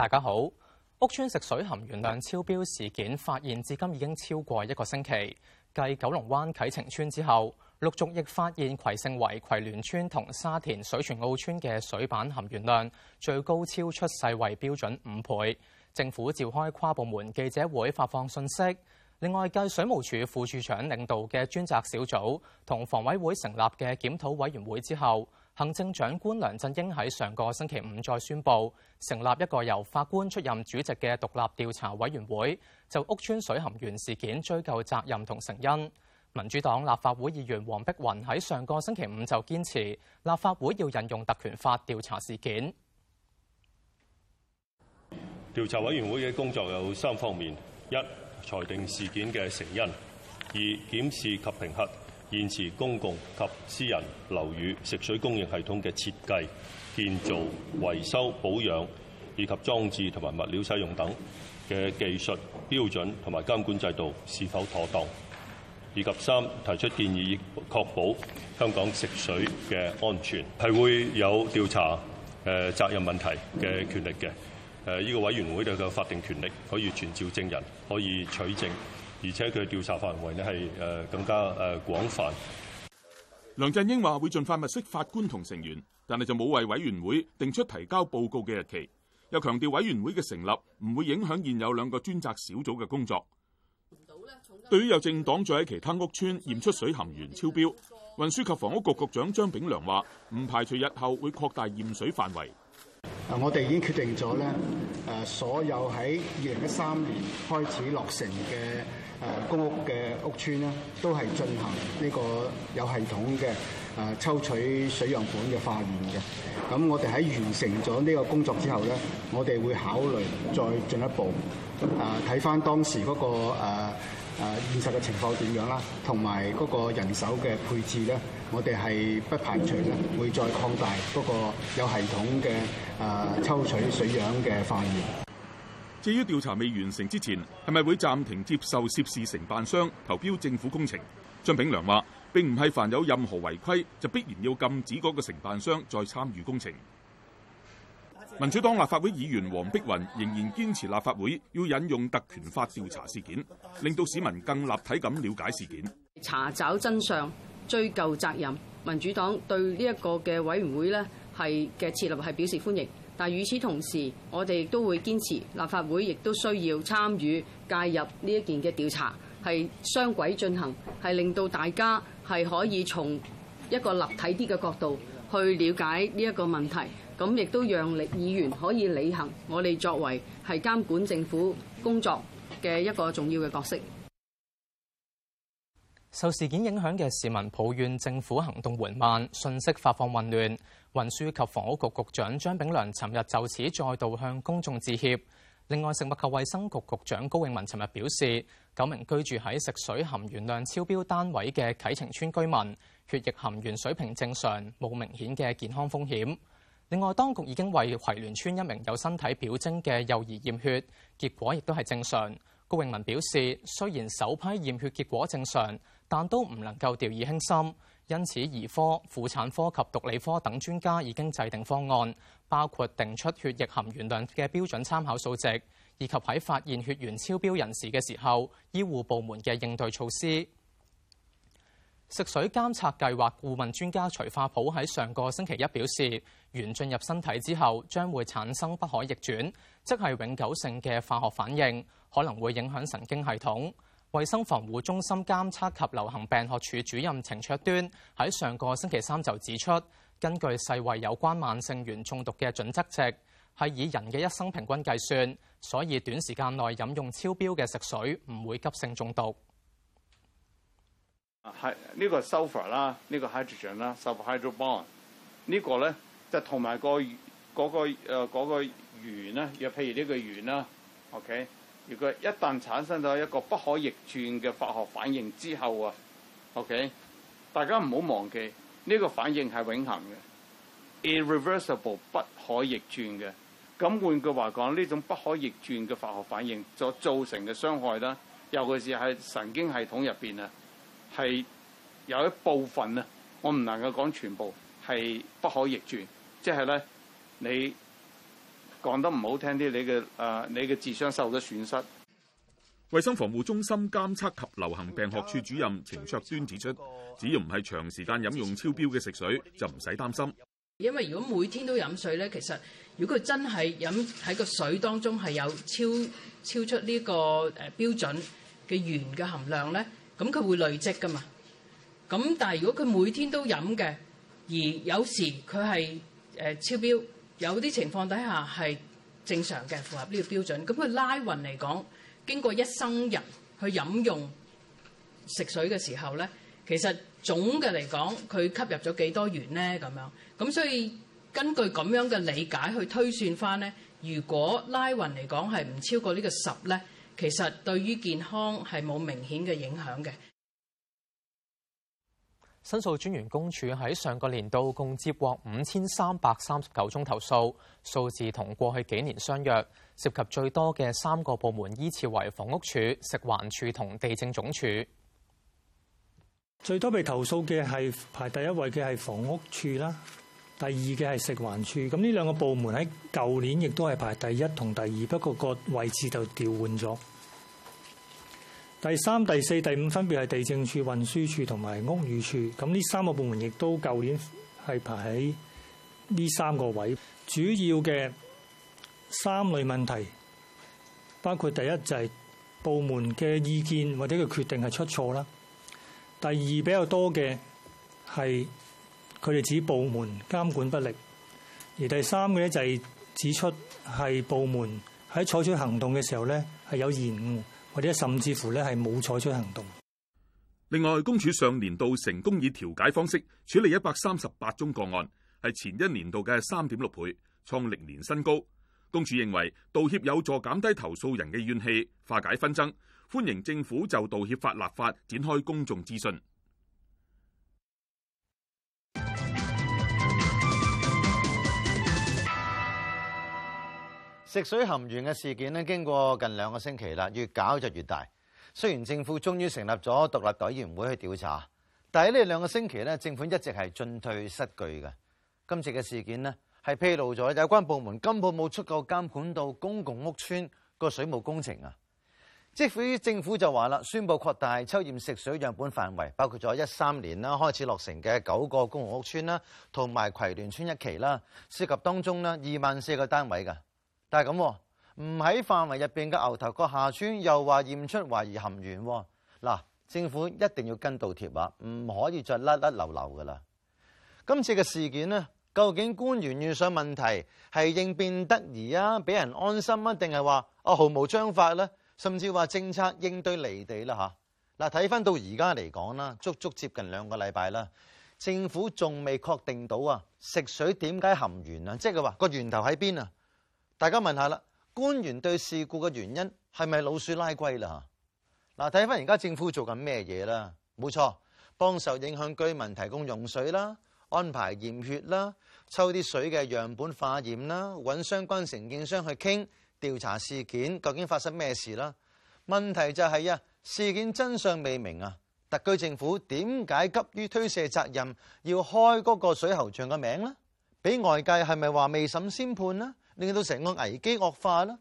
大家好，屋邨食水含鉛量超標事件發現至今已經超過一個星期，繼九龍灣啟晴邨之後陸續亦發現葵盛圍葵聯邨同沙田水泉澳邨嘅水板含鉛量最高超出世衛標準五倍。政府召開跨部門記者會發放信息，另外繼水務署副署長領導嘅專責小組同房委會成立嘅檢討委員會之後，行政長官梁振英喺上個星期五再宣布，成立一個由法官出任主席嘅獨立調查委員會，就屋邨水含鉛事件追究責任同成因。民主黨立法會議員黃碧雲喺上個星期五就堅持，立法會要引用特權法調查事件。調查委員會嘅工作有三方面：一、裁定事件嘅成因；二、檢視及評核。現時公共及私人樓宇食水供應系統嘅設計、建造、維修、保養以及裝置同埋物料使用等嘅技術標準同埋監管制度是否妥當？以及三，提出建議，以確保香港食水嘅安全，係會有調查誒責任問題嘅權力嘅誒，呢個委員會就有法定權力可以傳召證人，可以取證。而且佢嘅調查範圍咧係誒更加誒廣泛。梁振英話會盡快物色法官同成員，但係就冇為委員會定出提交報告嘅日期。又強調委員會嘅成立唔會影響現有兩個專責小組嘅工作。對於有政黨住喺其他屋邨驗出水含鉛超標，運輸及房屋局局長張炳良話唔排除日後會擴大驗水範圍。啊！我哋已經決定咗咧，誒所有喺二零一三年開始落成嘅誒公屋嘅屋邨，咧，都係進行呢個有系統嘅誒抽取水樣管嘅化驗嘅。咁我哋喺完成咗呢個工作之後咧，我哋會考慮再進一步，啊睇翻當時嗰個誒誒現實嘅情況點樣啦，同埋嗰個人手嘅配置呢，我哋係不排除嘅會再擴大嗰個有系統嘅誒、呃、抽取水樣嘅範圍。至於調查未完成之前，係咪會暫停接受涉事承辦商投標政府工程？張炳良話：並唔係凡有任何違規就必然要禁止嗰個承辦商再參與工程。民主黨立法會議員黃碧雲仍然堅持立法會要引用特權法調查事件，令到市民更立體咁了解事件。查找真相、追究責任，民主黨對呢一個嘅委員會呢係嘅設立係表示歡迎。但與此同時，我哋亦都會堅持立法會亦都需要參與介入呢一件嘅調查，係雙軌進行，係令到大家係可以從一個立體啲嘅角度。去了解呢一個問題，咁亦都讓議員可以履行我哋作為係監管政府工作嘅一個重要嘅角色。受事件影響嘅市民抱怨政府行動緩慢，信息發放混亂，運輸及房屋局局長張炳良尋日就此再度向公眾致歉。另外，食物及衛生局局長高永文尋日表示，九名居住喺食水含鉛量超標單位嘅啟晴村居民血液含鉛水平正常，冇明顯嘅健康風險。另外，當局已經為葵聯村一名有身體表徵嘅幼兒驗血，結果亦都係正常。高永文表示，雖然首批驗血結果正常，但都唔能夠掉以輕心，因此兒科、婦產科及毒理科等專家已經制定方案，包括定出血液含鉛量嘅標準參考數值，以及喺發現血鉛超標人士嘅時候，醫護部門嘅應對措施。食水監測計劃顧問專家徐化普喺上個星期一表示，鉛進入身體之後將會產生不可逆轉，即係永久性嘅化學反應，可能會影響神經系統。衛生防護中心監測及流行病學處主任程卓端喺上個星期三就指出，根據世衛有關慢性鉛中毒嘅準則值，係以人嘅一生平均計算，所以短時間內飲用超標嘅食水唔會急性中毒。係、呢個、呢個 sulfur 啦，呢個 hydrogen 啦，sulfur hydrogen 呢個咧，就同埋、嗰個嗰、嗰個誒嗰、嗰個鉛啦，又、嗰個、譬如呢個鉛啦，OK。如果一旦產生咗一個不可逆轉嘅化學反應之後啊，OK，大家唔好忘記呢個反應係永恆嘅，irreversible 不可逆轉嘅。咁換句話講，呢種不可逆轉嘅化學反應所造成嘅傷害啦，尤其是喺神經系統入邊啊，係有一部分啊，我唔能夠講全部係不可逆轉，即係咧你。講得唔好聽啲，你嘅誒，你嘅智商受咗損失。衞生防護中心監測及流行病學處主任程卓端指出，只要唔係長時間飲用超標嘅食水，就唔使擔心。因為如果每天都飲水咧，其實如果佢真係飲喺個水當中係有超超出呢個誒標準嘅鉛嘅含量咧，咁佢會累積噶嘛。咁但係如果佢每天都飲嘅，而有時佢係誒超標。有啲情況底下係正常嘅，符合呢個標準。咁佢拉勻嚟講，經過一生人去飲用食水嘅時候咧，其實總嘅嚟講，佢吸入咗幾多鉛咧？咁樣咁，所以根據咁樣嘅理解去推算返咧，如果拉勻嚟講係唔超過呢個十咧，其實對於健康係冇明顯嘅影響嘅。申訴專員公署喺上個年度共接獲五千三百三十九宗投訴，數字同過去幾年相若。涉及最多嘅三個部門依次為房屋署、食環署同地政總署。最多被投訴嘅係排第一位嘅係房屋署啦，第二嘅係食環署。咁呢兩個部門喺舊年亦都係排第一同第二，不過個位置就調換咗。第三、第四、第五分別係地政署、運輸署同埋屋宇署，咁呢三個部門亦都舊年係排喺呢三個位。主要嘅三類問題，包括第一就係部門嘅意見或者個決定係出錯啦；第二比較多嘅係佢哋指部門監管不力，而第三嘅咧就係指出係部門喺採取行動嘅時候咧係有延誤。或者甚至乎咧係冇採取行動。另外，公署上年度成功以調解方式處理一百三十八宗個案，係前一年度嘅三點六倍，創歷年新高。公署認為道歉有助減低投訴人嘅怨氣，化解紛爭。歡迎政府就道歉法立法展開公眾諮詢。食水含鉛嘅事件呢，經過近兩個星期啦，越搞就越大。雖然政府終於成立咗獨立委員會去調查，但係呢兩個星期呢，政府一直係進退失據嘅。今次嘅事件呢，係披露咗有關部門根本冇足夠監管到公共屋邨個水務工程啊！即係至於政府就話啦，宣布擴大抽驗食水樣本範圍，包括咗一三年啦開始落成嘅九個公共屋邨啦，同埋葵聯村一期啦，涉及當中咧二萬四個單位嘅。但係咁唔喺範圍入面嘅牛頭角下邨又話驗出懷疑含鉛嗱，政府一定要跟到貼啊，唔可以再甩甩流流噶啦。今次嘅事件呢，究竟官員遇上問題係應變得宜啊，俾人安心啊，定係話啊毫無章法咧？甚至話政策應對離地啦吓，嗱。睇翻到而家嚟講啦，足足接近兩個禮拜啦，政府仲未確定到啊食水點解含鉛啊，即係佢話個源頭喺邊啊？大家問下啦，官員對事故嘅原因係咪老鼠拉龜啦？嗱，睇翻而家政府做緊咩嘢啦？冇錯，幫受影響居民提供用水啦，安排驗血啦，抽啲水嘅樣本化驗啦，揾相關承建商去傾調查事件究竟發生咩事啦。問題就係啊，事件真相未明啊，特區政府點解急於推卸責任，要開嗰個水喉匠嘅名呢？俾外界係咪話未審先判呢？令到成個危機惡化啦。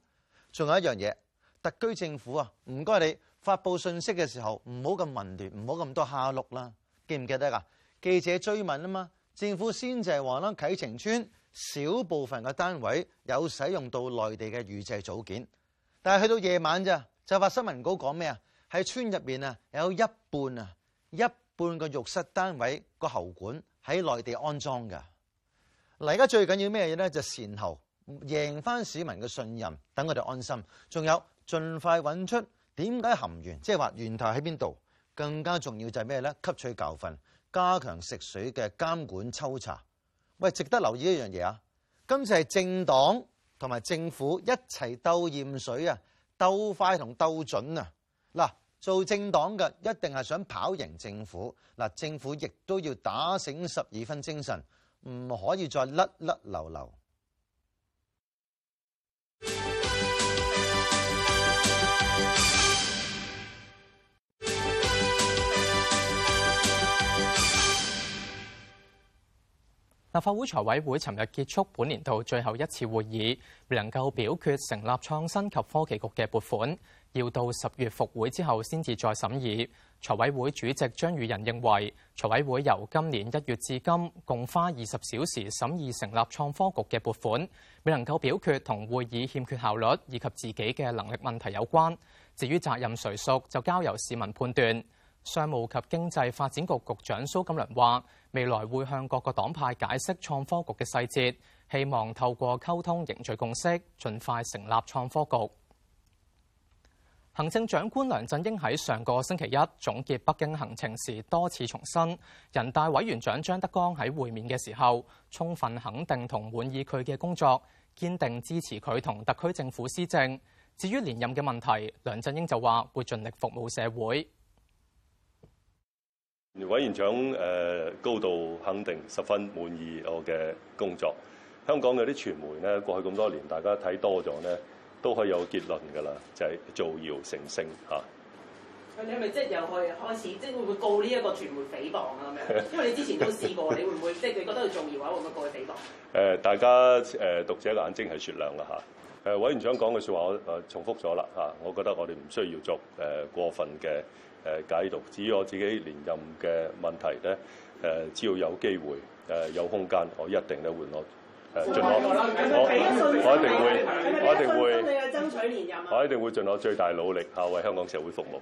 仲有一樣嘢，特區政府啊，唔該你發佈信息嘅時候，唔好咁混亂，唔好咁多下轆啦。記唔記得啊？記者追問啊嘛，政府先就係話啦，啟晴邨小部分嘅單位有使用到內地嘅預製組件，但係去到夜晚咋就發新聞稿講咩啊？喺邨入面啊，有一半啊，一半嘅浴室單位個喉管喺內地安裝嘅。嗱，而家最緊要咩嘢咧？就係善後。贏翻市民嘅信任，等佢哋安心。仲有，盡快揾出點解含鉛，即係話源頭喺邊度。更加重要就係咩呢？吸取教訓，加強食水嘅監管抽查。喂，值得留意一樣嘢啊！今次係政黨同埋政府一齊鬥驗水啊，鬥快同鬥準啊！嗱，做政黨嘅一定係想跑贏政府。嗱，政府亦都要打醒十二分精神，唔可以再甩甩流流。立法會財委會尋日結束本年度最後一次會議，未能夠表決成立創新及科技局嘅撥款，要到十月復會之後先至再審議。財委會主席張宇人認為，財委會由今年一月至今共花二十小時審議成立創科局嘅撥款，未能夠表決同會議欠缺效率以及自己嘅能力問題有關。至於責任誰屬，就交由市民判斷。商務及經濟發展局局長蘇錦樑話，未來會向各個黨派解釋創科局嘅細節，希望透過溝通凝聚共識，盡快成立創科局。行政長官梁振英喺上個星期一總結北京行程時，多次重申，人大委員長張德江喺會面嘅時候，充分肯定同滿意佢嘅工作，堅定支持佢同特區政府施政。至於連任嘅問題，梁振英就話會盡力服務社會。委員長誒、呃、高度肯定，十分滿意我嘅工作。香港有啲傳媒咧，過去咁多年，大家睇多咗咧，都可以有結論㗎啦，就係、是、造謠成性嚇。你係咪即係又去開始？即係會唔會告呢一個傳媒誹謗啊？咩？ 因為你之前都試過，你會唔會 即係你覺得佢造謠嘅話，會唔會告佢誹謗？誒、呃，大家誒、呃、讀者眼睛係雪亮㗎嚇。誒、啊呃、委員長講嘅説話，我、呃、誒重複咗啦嚇。我覺得我哋唔需要作誒、呃、過分嘅。誒，解讀，至於我自己連任嘅問題咧，誒只要有機會、誒有空間，我一定咧會攞誒盡攞我，我一定會，我一定會，我一定會盡我最大努力嚇，為香港社會服務。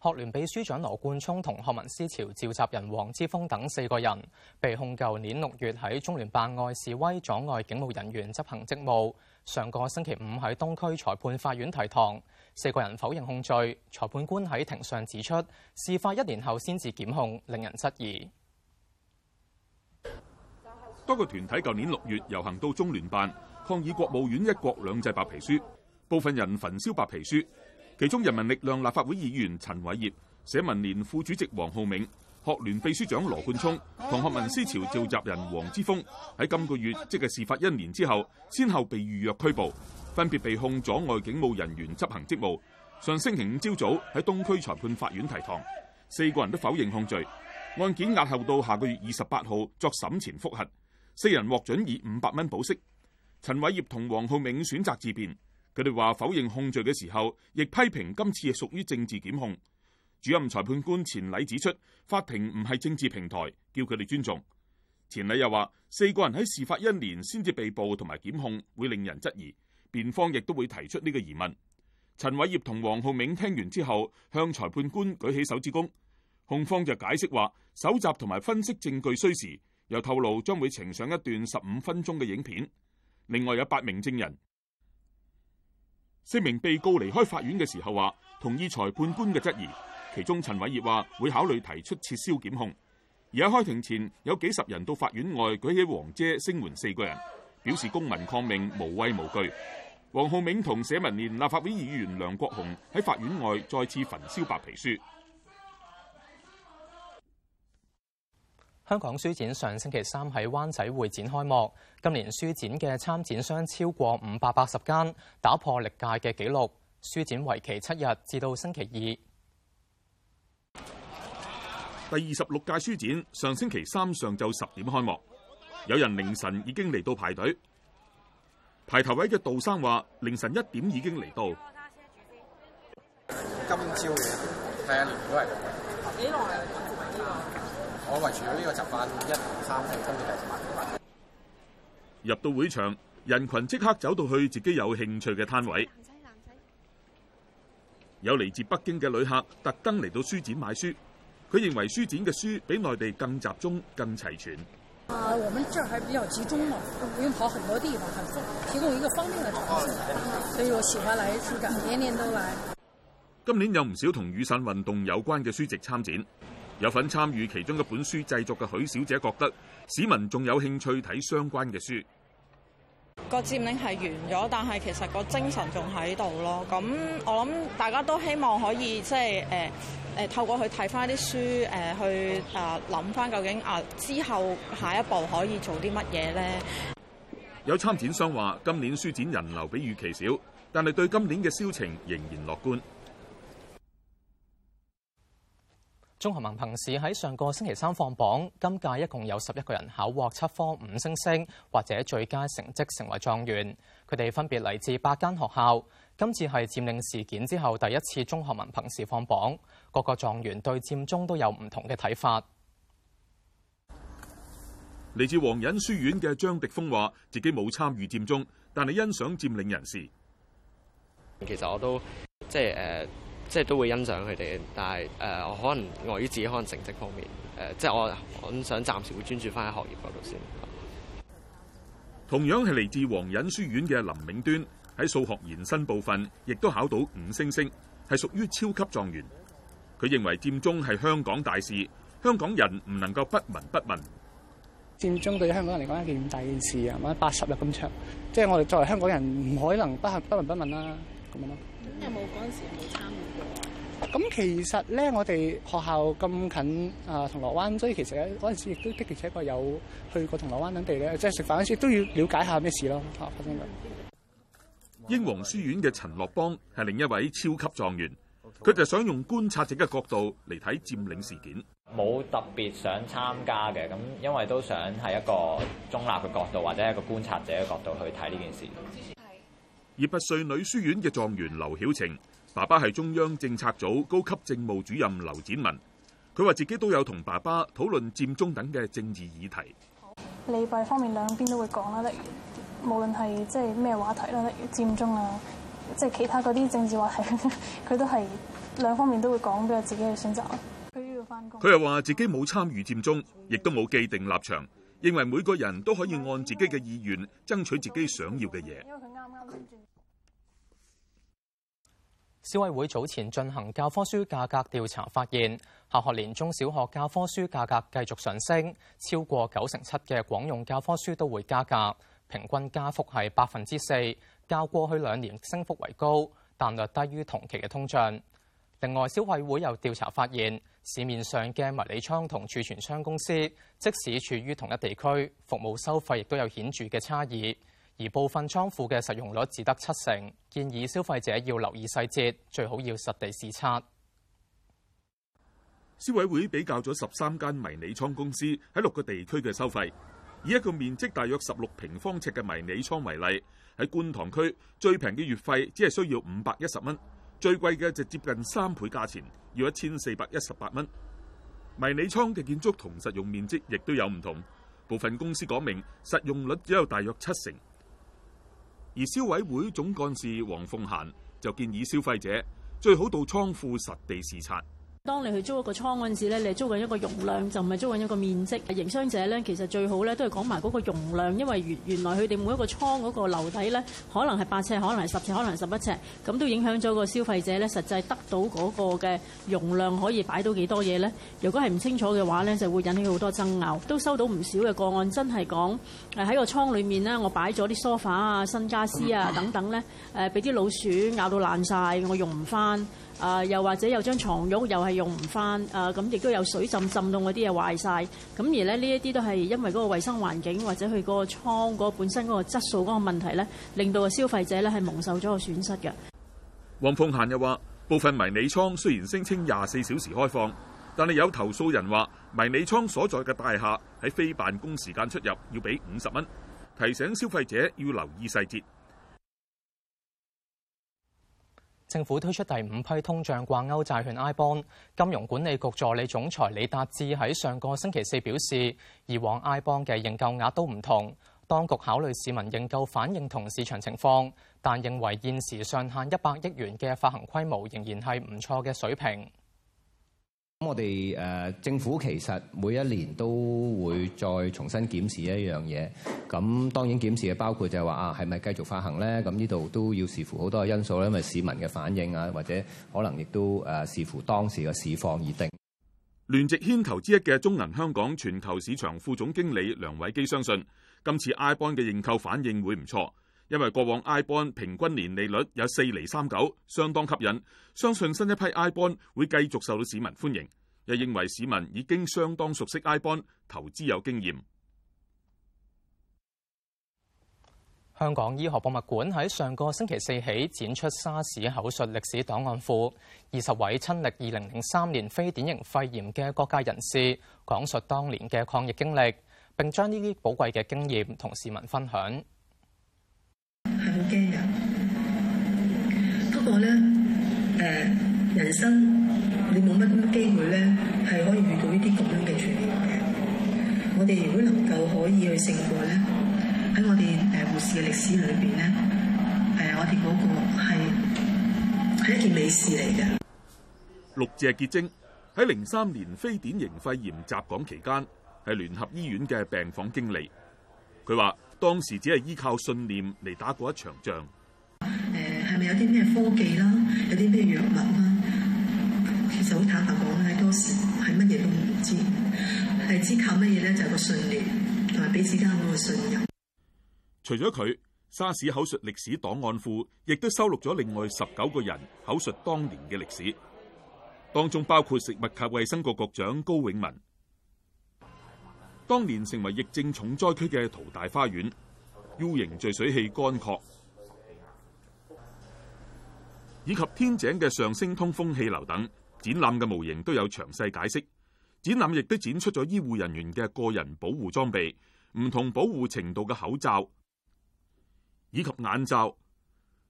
學聯秘書長羅冠聰同學民思潮召集人黃之鋒等四個人被控，舊年六月喺中聯辦外示威，阻礙警務人員執行職務。上個星期五喺東區裁判法院提堂。四個人否認控罪，裁判官喺庭上指出，事發一年後先至檢控，令人質疑。多個團體舊年六月遊行到中聯辦抗議國務院一國兩制白皮書，部分人焚燒白皮書。其中人民力量立法會議員陳偉業、社民連副主席黃浩銘、學聯秘書長羅冠聰、同學民思潮召集人黃之鋒，喺今個月即係事發一年之後，先後被預約拘捕。分別被控阻礙警務人員執行職務。上星期五朝早喺東區裁判法院提堂，四個人都否認控罪。案件押後到下個月二十八號作審前覆核。四人獲准以五百蚊保釋。陳偉業同黃浩銘選擇自辯，佢哋話否認控罪嘅時候，亦批評今次係屬於政治檢控。主任裁判官錢禮指出，法庭唔係政治平台，叫佢哋尊重。錢禮又話，四個人喺事發一年先至被捕同埋檢控，會令人質疑。辯方亦都會提出呢個疑問。陳偉業同黃浩銘聽完之後，向裁判官舉起手指公。控方就解釋話，搜集同埋分析證據需時，又透露將會呈上一段十五分鐘嘅影片。另外有八名證人。四名被告離開法院嘅時候話，同意裁判官嘅質疑。其中陳偉業話會考慮提出撤銷檢控。而喺開庭前，有幾十人到法院外舉起黃遮聲援四個人。表示公民抗命無畏無懼，黃浩銘同社民連立法會議員梁國雄喺法院外再次焚燒白皮書。香港書展上星期三喺灣仔會展開幕，今年書展嘅參展商超過五百八十間，打破歷屆嘅紀錄。書展為期七日至到星期二，第二十六屆書展上星期三上晝十點開幕。有人凌晨已經嚟到排隊，排頭位嘅杜生話：凌晨一點已經嚟到。今朝係啊，我維持到呢個習慣，一下午今年第八。入到會場，人群即刻走到去自己有興趣嘅攤位。有嚟自北京嘅旅客特登嚟到書展買書，佢認為書展嘅書比內地更集中、更齊全。啊，我們這兒還比較集中嘛，都唔用跑很多地方，很方，提供一個方便的場所，所以、嗯、我喜歡來書展，年年都來。嗯、今年有唔少同雨傘運動有關嘅書籍參展，有份參與其中一本書製作嘅許小姐覺得，市民仲有興趣睇相關嘅書。個佔領係完咗，但係其實個精神仲喺度咯。咁我諗大家都希望可以即係誒誒，透過去睇翻啲書誒、呃，去誒諗翻究竟啊之後下一步可以做啲乜嘢咧？有參展商話，今年書展人流比預期少，但係對今年嘅銷情仍然樂觀。中學文憑試喺上個星期三放榜，今屆一共有十一個人考獲七科五星星或者最佳成績成為狀元，佢哋分別嚟自八間學校。今次係佔領事件之後第一次中學文憑試放榜，各個狀元對占中都有唔同嘅睇法。嚟自黃隱書院嘅張迪峰話：自己冇參與占中，但係欣賞占領人士。其實我都即係誒。呃即係都會欣賞佢哋，但係、呃、我可能礙於、呃、自己可能成績方面誒、呃，即係我我想暫時會專注翻喺學業嗰度先。嗯、同樣係嚟自黃隱書院嘅林永端喺數學延伸部分亦都考到五星星，係屬於超級狀元。佢認為佔中係香港大事，香港人唔能夠不聞不問。佔中對香港人嚟講一件大件事啊，八十日咁長，即、就、係、是、我哋作為香港人唔可能不不聞不問啦，咁啊嘛。有冇嗰陣時冇參與過啊？咁其實咧，我哋學校咁近啊銅鑼灣，所以其實咧嗰陣時亦都的確一個有去過銅鑼灣等地咧，即係食飯嗰時都要了解一下咩事咯嚇、啊、發生嘅。英皇書院嘅陳樂邦係另一位超級狀元，佢就想用觀察者嘅角度嚟睇佔領事件，冇特別想參加嘅，咁因為都想係一個中立嘅角度，或者一個觀察者嘅角度去睇呢件事。二八萃女書院嘅狀元劉曉晴，爸爸係中央政策組高級政務主任劉展文，佢話自己都有同爸爸討論佔中等嘅政治議題。好，利弊方面，兩邊都會講啦，例如無論係即係咩話題啦，例如佔中啊，即係其他嗰啲政治話題，佢 都係兩方面都會講，俾我自己去選擇。佢要翻工。佢又話自己冇參與佔中，亦都冇既定立場，認為每個人都可以按自己嘅意願爭取自己想要嘅嘢。因為佢啱啱轉。消委會早前進行教科書價格調查，發現下學年中小學教科書價格繼續上升，超過九成七嘅廣用教科書都會加價，平均加幅係百分之四，較過去兩年升幅為高，但略低於同期嘅通脹。另外，消委會又調查發現，市面上嘅迷你倉同儲存倉公司，即使處於同一地區，服務收費亦都有顯著嘅差異。而部分倉庫嘅實用率只得七成，建議消費者要留意細節，最好要實地視察。消委會比較咗十三間迷你倉公司喺六個地區嘅收費，以一個面積大約十六平方尺嘅迷你倉為例，喺觀塘區最平嘅月費只係需要五百一十蚊，最貴嘅就接近三倍價錢，要一千四百一十八蚊。迷你倉嘅建築同實用面積亦都有唔同，部分公司講明實用率只有大約七成。而消委會總幹事黃鳳嫻就建議消費者最好到倉庫實地視察。當你去租一個倉嗰陣時咧，你租緊一個容量，就唔係租緊一個面積。營商者咧，其實最好咧都係講埋嗰個容量，因為原原來佢哋每一個倉嗰個樓底咧，可能係八尺，可能係十尺，可能係十一尺，咁都影響咗個消費者咧，實際得到嗰個嘅容量可以擺到幾多嘢咧？如果係唔清楚嘅話咧，就會引起好多爭拗，都收到唔少嘅個案，真係講喺個倉裏面咧，我擺咗啲梳化啊、新家私啊等等咧，誒俾啲老鼠咬到爛晒，我用唔返。啊，又或者有張床褥又係用唔翻，啊咁亦都有水浸浸到嗰啲嘢壞晒。咁而呢一啲都係因為嗰個衞生環境或者佢嗰個倉嗰本身嗰個質素嗰個問題呢，令到個消費者呢，係蒙受咗個損失嘅。黃鳳嫺又話：部分迷你倉雖然聲稱廿四小時開放，但係有投訴人話迷你倉所在嘅大廈喺非辦公時間出入要俾五十蚊，提醒消費者要留意細節。政府推出第五批通脹掛勾債券 I bond，金融管理局助理總裁李達志喺上個星期四表示，以往 I bond 嘅認購額都唔同，當局考慮市民認購反應同市場情況，但認為現時上限一百億元嘅發行規模仍然係唔錯嘅水平。咁我哋誒、呃，政府其實每一年都會再重新檢視一樣嘢。咁當然檢視嘅包括就係話啊，係咪繼續發行咧？咁呢度都要視乎好多嘅因素啦，因為市民嘅反應啊，或者可能亦都誒、呃、視乎當時嘅市況而定。聯席牽頭之一嘅中銀香港全球市場副總經理梁偉基相信，今次 iBond 嘅認購反應會唔錯。因為過往 iBond 平均年利率有四厘三九，相當吸引，相信新一批 iBond 會繼續受到市民歡迎。又認為市民已經相當熟悉 iBond 投資有經驗。香港醫學博物館喺上個星期四起展出沙士口述歷史檔案庫，二十位親歷二零零三年非典型肺炎嘅各界人士講述當年嘅抗疫經歷，並將呢啲寶貴嘅經驗同市民分享。驚人，不過咧，誒人生你冇乜機會咧，係可以遇到呢啲咁樣嘅傳染嘅。我哋如果能夠可以去勝過咧，喺我哋誒護士嘅歷史裏邊咧，誒我哋講過係一件美事嚟嘅。六謝結晶喺零三年非典型肺炎襲港期間，係聯合醫院嘅病房經理，佢話，當時只係依靠信念嚟打過一場仗。誒係咪有啲咩科技啦？有啲咩藥物啦？其實好坦白講咧，當時係乜嘢都唔知，係依靠乜嘢咧？就係個信念同埋彼此間嗰個信任。除咗佢，沙士口述歷史檔案庫亦都收錄咗另外十九個人口述當年嘅歷史，當中包括食物及衛生局局長高永文。當年成為疫症重災區嘅淘大花園 U 型聚水器乾涸，以及天井嘅上升通風氣流等展覽嘅模型都有詳細解釋。展覽亦都展出咗醫護人員嘅個人保護裝備，唔同保護程度嘅口罩以及眼罩，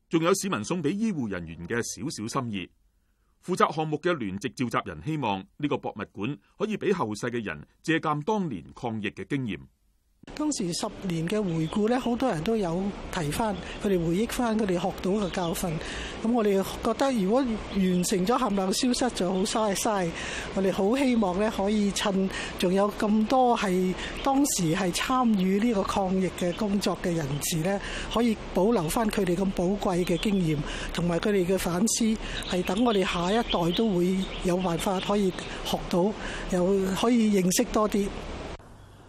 仲有市民送俾醫護人員嘅小小心意。負責項目嘅聯席召集人希望呢個博物館可以俾後世嘅人借鑑當年抗疫嘅經驗。當時十年嘅回顧咧，好多人都有提翻，佢哋回憶翻佢哋學到嘅教訓。咁我哋覺得，如果完成咗，冚唪唥消失咗，好嘥嘥。我哋好希望咧，可以趁仲有咁多係當時係參與呢個抗疫嘅工作嘅人士咧，可以保留翻佢哋咁寶貴嘅經驗，同埋佢哋嘅反思，係等我哋下一代都會有辦法可以學到，又可以認識多啲。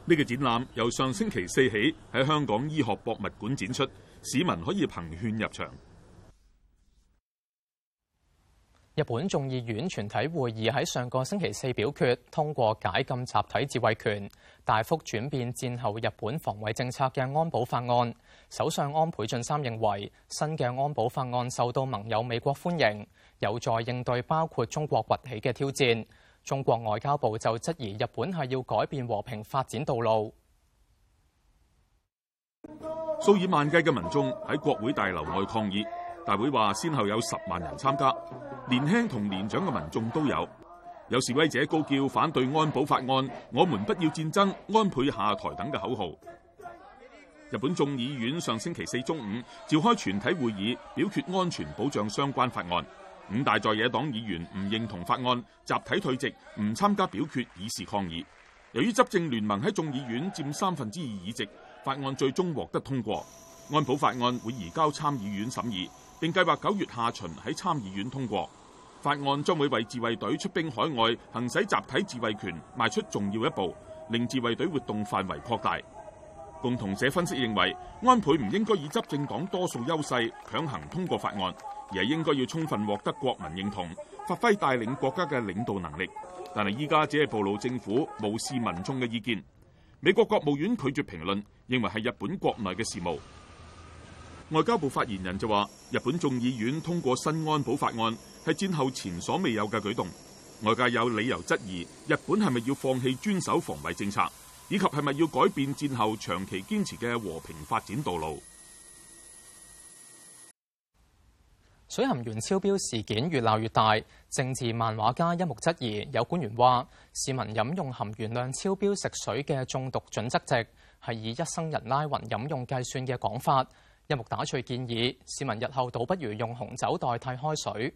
呢個展覽由上星期四起喺香港醫學博物館展出，市民可以憑券入場。日本眾議院全體會議喺上個星期四表決通過解禁集體自衛權，大幅轉變戰後日本防衛政策嘅安保法案。首相安倍晉三認為新嘅安保法案受到盟友美國歡迎，有助應對包括中國崛起嘅挑戰。中國外交部就質疑日本係要改變和平發展道路。數以萬計嘅民眾喺國會大樓外抗議，大會話先後有十萬人參加，年輕同年長嘅民眾都有。有示威者高叫反對安保法案，我們不要戰爭，安倍下台等嘅口號。日本眾議院上星期四中午召開全體會議，表決安全保障相關法案。五大在野黨議員唔認同法案，集體退席，唔參加表決，以示抗議。由於執政聯盟喺眾議院佔三分之二議席，法案最終獲得通過。安保法案會移交參議院審議，並計劃九月下旬喺參議院通過。法案將會為自衛隊出兵海外，行使集體自衛權，邁出重要一步，令自衛隊活動範圍擴大。共同社分析認為，安倍唔應該以執政黨多數優勢強行通過法案。而係應該要充分獲得國民認同，發揮帶領國家嘅領導能力。但係依家只係暴露政府無視民眾嘅意見。美國國務院拒絕評論，認為係日本國內嘅事務。外交部發言人就話：日本眾議院通過新安保法案係戰後前所未有嘅舉動。外界有理由質疑日本係咪要放棄專守防衞政策，以及係咪要改變戰後長期堅持嘅和平發展道路。水含鉛超標事件越鬧越大，政治漫畫家一木質疑有官員話：市民飲用含鉛量超標食水嘅中毒準則值係以一生人拉勻飲用計算嘅講法，一木打趣建議市民日後倒不如用紅酒代替開水。